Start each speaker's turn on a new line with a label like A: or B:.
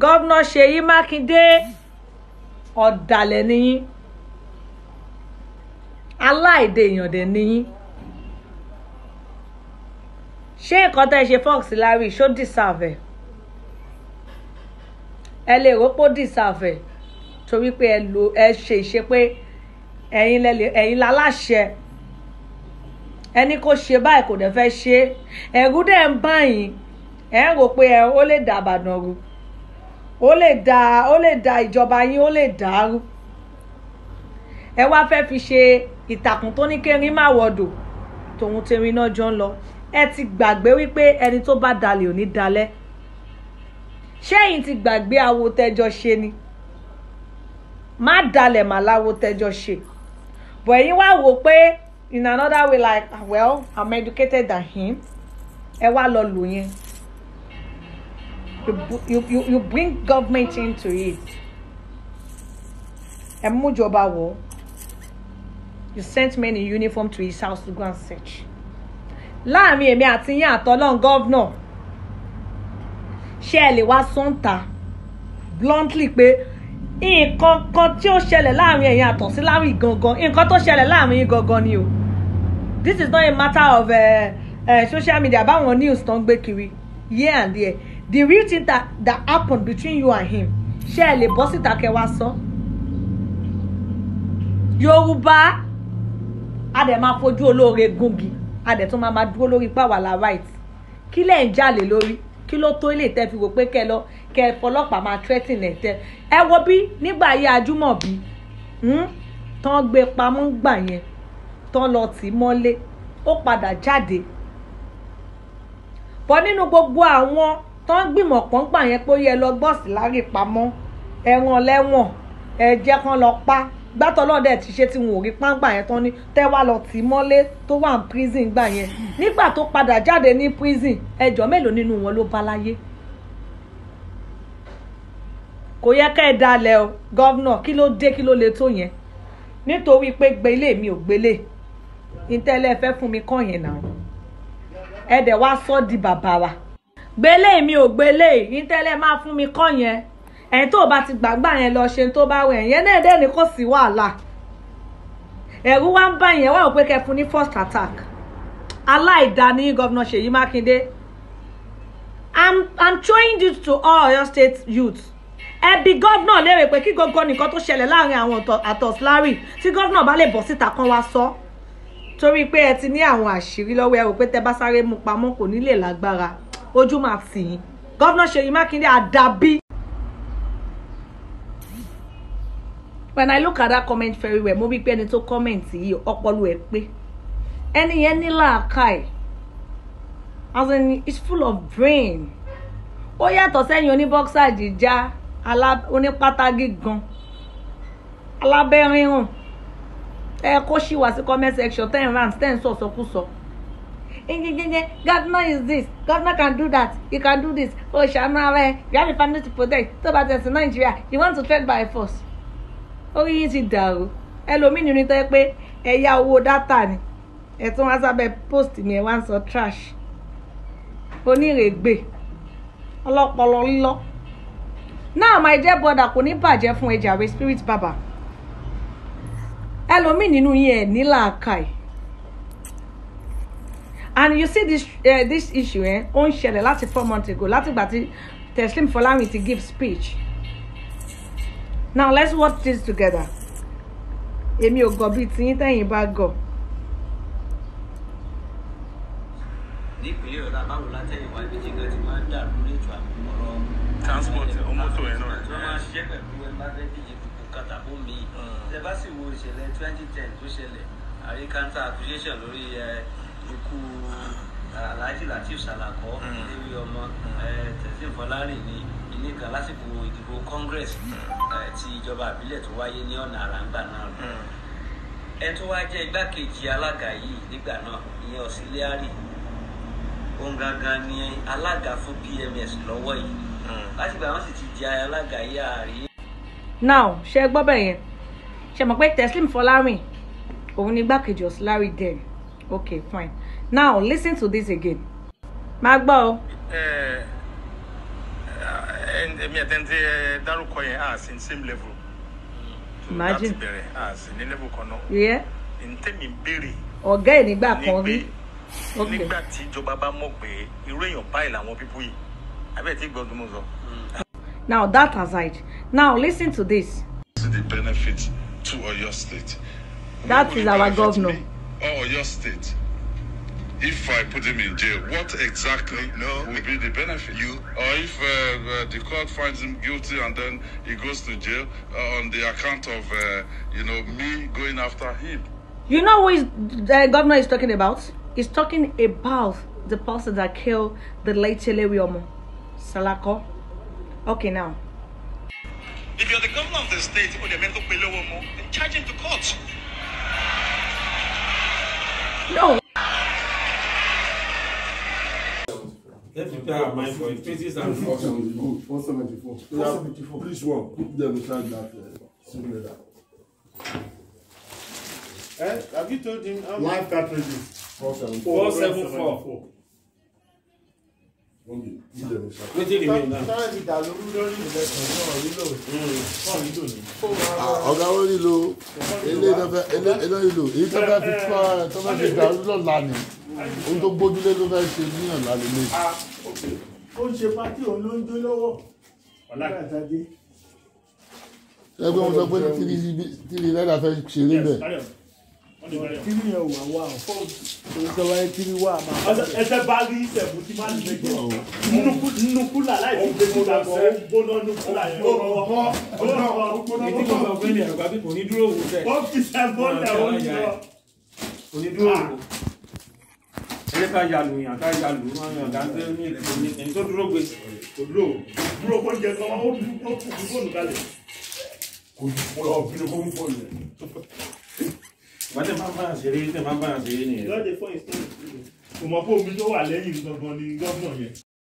A: gọ́vnà ṣèyí mákindé ọ̀dàlẹ̀ nìyí aláìdè èèyàn dẹ̀ nìyí ṣé nǹkan tẹ́ ṣe fox larry ṣó dìsàfẹ ẹ lè rọ́pò dìsàfẹ torí pé ẹ lo ẹ ṣe ìṣe pé ẹ̀yin lẹlẹ ẹ̀yin láláṣẹ ẹni kò ṣe báyìí kò dẹ̀ fẹ́ ṣe ẹ̀rù dẹ̀ ń bá yín ẹ ń rò pé ẹ ó lè dàbàdàn rú ó lè dà ó lè dà ìjọba yín ó lè dàrú ẹ wá fẹ́ fi ṣe ìtàkùn tó ní kẹrin má wọ̀dọ̀ tòun tẹ̀rín náà jọ ń lọ ẹ ti gbàgbé wípé ẹni tó bá dalẹ̀ ò ní dalẹ̀ ṣẹ́yìn ti gbàgbé awo tẹ́jọ́ ṣe ni má dalẹ̀ mà láwo tẹ́jọ́ ṣe bọ̀ ẹ̀yin wá wò pé in another way like well I'm educated than him ẹ wá lọ lò yẹn you, you, you, you bring government into it. And Mujoba you sent men in uniform to his house to go and search. Láàrin èmi àti yín àtọ́lọ́n gọ́vnọ̀ ṣé ẹ lè wá sọ́ńtà bluntly pé nǹkan kan tí ó ṣẹlẹ̀ láàrin ẹ̀yin àtọ̀síláwì gangan nǹkan tó ṣẹlẹ̀ láàrin yín gangan ni o this is not a matter of uh, uh, social media báwọn news tán gbé kiri here and there the real thing that that happened between you and him ṣé ẹ lè bọ́ síta kẹ́ wá sọ. yorùbá a dẹ̀ máa fojú olóore gungi a dẹ̀ tún máa máa dúró lórí pàwọ́ la right kí lẹ̀ ń jalè lórí kí ló tó lè tẹ́ fi wò pé kẹ́ lọ kẹ́ fọlọ́pàá máa threatening ẹ̀ tẹ́ ẹ wo bí nígbà ayé ajúmọ̀bí hmm, tán gbé pamọ́ gbà yẹn tán lọ tì í mọ́lé ó padà jáde bọ́ nínú gbogbo àwọn tó ń gbìmọ̀ pọ́ngbà yẹn pé ó yẹ lọ gbọ́ọ̀sì láre pamọ́ ẹ̀wọ̀n lẹ́wọ̀n ẹ̀jẹ̀ kan lọ pa gbàtọ́ náà dẹ̀ ti ṣe tí wọn ò rí pàǹgbà yẹn tán ni tẹ́ wá lọ tì mọ́lé tó wà ní prison gbà yẹn nígbà tó padà jáde ní prison ẹjọ́ mélòó nínú wọn ló bá láyé kò yẹ ká ẹ dalẹ̀ o gọ́vnà kí ló dé kí ló le tó yẹn nítorí pé gbélé mi ò gbélé ìtẹ́lẹ̀ fẹ́ fún mi kàn yẹn náà ẹ dẹ̀ wá sọ́ di bàbá wa gbélé mi ò gbélé yìí tẹ́lẹ̀ máa fún mi kọ́ yẹn ẹ̀yìn tó bá ti gbàgbà yẹn lọ ṣe tó bá wẹ̀ yẹn náà dẹ́ ni kò sí wàhálà ẹ̀rú wá ń bá yẹn wá òpé kẹfun ní first attack aláìda ní gọ́vnà Ṣèyí Mákindé i'm i'm throwing this to all Oyo State youths ẹbí gọ́vnà léèrè pé kí gbogbo nǹkan tó ṣẹlẹ̀ láàrin àwọn àtọ̀sílárì tí gọ́vnà bá lè bọ́ síta kan wá sọ torí pé ẹ ti ní àwọn àṣírí lọ́wọ́ ẹ rò pé tẹ bá sáré mú pamọ́ kò ní lè lágbára ojú máa tì yín gọ́vnà Ṣèyí Mákindé àdàbí. when i look at that comment very well mo rí pé ẹni tó comment yìí ọpọlọ ẹ̀ pé ẹni yẹn ní làákàyè as in it's full of brain ó yàtọ̀ sẹ́yìn oníbọ́ksà jíjá onípátágì gan alábẹ́rìn hàn ẹ kó ṣì wá sí comment section ten rand ten sọ̀sọ́kùsọ. So, so, so. God knows this governor can do that You can do this oh ṣàánú ẹ you have a family to protect tó bá tẹ̀sí Nigeria you want to fight by force orí yìí ti dàrú ẹlòmíì nínú tó yẹ pé ẹ yá owó dátà ni ẹ tún wá sábẹ́ post mi ẹ wá ń sọ trash onírègbè ọlọ́pọlọ lílọ náà máa jẹ́ bọ́dà kò ní bàjẹ́ fún ẹ jàre spirit baba Hello, me you know ẹ̀ Nila Kai and you see this uh, this issue eh ó ń ṣẹlẹ̀ láti four months ago látìgbà tí Teslim Folarin ti give speech now let's watch this together èmi ò gọ̀ bíi tiyín tẹ́yìn bá gọ̀. nípínlẹ̀ ọ̀la báwo látẹ̀yìn wá ibi ti máa ń dàrú létò ọ̀rọ̀ transport ọmọtò ẹ̀ náà. tí wọ́n máa ṣiṣẹ́ pẹ̀lú ẹ bá fẹ́ díje dùkú mi. tẹ bá sì wo ìṣẹ̀lẹ̀ twenty ten tó ṣẹlẹ̀ àríkántà accusation lórí ẹ̀ eh, ikú ah, alhaji latif salako hmm. ewi ọmọ hmm. eh, tẹsí fọlárìn ní ilé kan lásìkò ìdìbò congress hmm. eh, ti ìjọba àbílẹ̀ tó wáyé ní ọ̀nà àràǹgbà náà ẹ tó wá jẹ́ igbákejì alága yìí nígbà náà ìyẹn ọ̀sílẹ́àrì òun gangan ni alága fún pms lọ́wọ́ yìí lásìkò àwọn sì ti di alága yìí ààrí. now ṣe gbọ́ bẹ́ẹ̀ yẹn ṣe mọ̀ pé teslim fọlárìn òun ni igbákejì ọ̀sílẹ́àrì dẹ̀ okay fine now listen to this again máa gbọ́ o. imagine láti bẹ̀rẹ̀ á sí ní level kan náà. nígbà kan rí. nígbà tí ìjọba bá mọ̀ pé irú èèyàn báyìí làwọn pípú yìí abẹ́ẹ̀ tí gbọ́dọ̀ mọ̀ sọ. now that aside now listen to this. see the benefit to Oyo State. that is our governor. Me. or your state if I put him in jail, what exactly no, will be the benefit? You or if uh, uh the court finds him guilty and then he goes to jail uh, on the account of uh, you know me going after him? You know what the governor is talking about? He's talking about the person that killed the late Chelewiomo, Salako. Okay, now. If you're the governor of the state, or the then charge him to court. No.
B: Let's prepare our mind for it. 474. 474.
A: Please, one. Put them inside that. Uh, Have you told him how much? Live cartridges. 474. 474 ọ̀gá wọn nílò eléyìí èyí tó bá fi fún ara tó bá fi dàrú lọ́la ni ohun tó gbójúlé ló fẹ́ ṣe níyàn lálẹ́ lé. ó ń ṣe pátí òun ló ń dún lọ́wọ́ ẹgbẹ́ wọn sọ pé tíri náírà fẹ́ ṣeré bẹ́ẹ̀ tiri yẹn wà wá o oṣù wáyé tiri wà máa bá bẹ. ẹsẹ̀ bá rí ìṣẹ̀bù tí máa ń lè jọ nukú nukú là láì fi gbé kódà bọ̀ ó gbóná nukú yẹn. ó bọ̀ bọ̀ ó bọ̀ bọ̀ ètí kò sọ pé ní ẹ̀rọ gbàgbé kò ní dúró wò fẹ́. ó fi ṣẹ́gbọ́n lẹ̀ ó ń yọ. kò ní ah. ya lù yàn ká ya lù wọn yàn gàdé ní ilẹ̀ tó ẹni tó dúró gbé kò dúró dúró kó jẹ kọ́ ó dúró kó kú fóònù kalẹ̀ kò dúró kó ń fóònù rẹ̀ ìbátẹ́ máa ń bá àṣírí tẹ́ máa ń bá àṣírí nìyẹn. lọ́dẹ fún ìsìn ìmọ̀pọ̀ omi tó wà lẹ́yìn gangan ni gọ́vnà yẹn.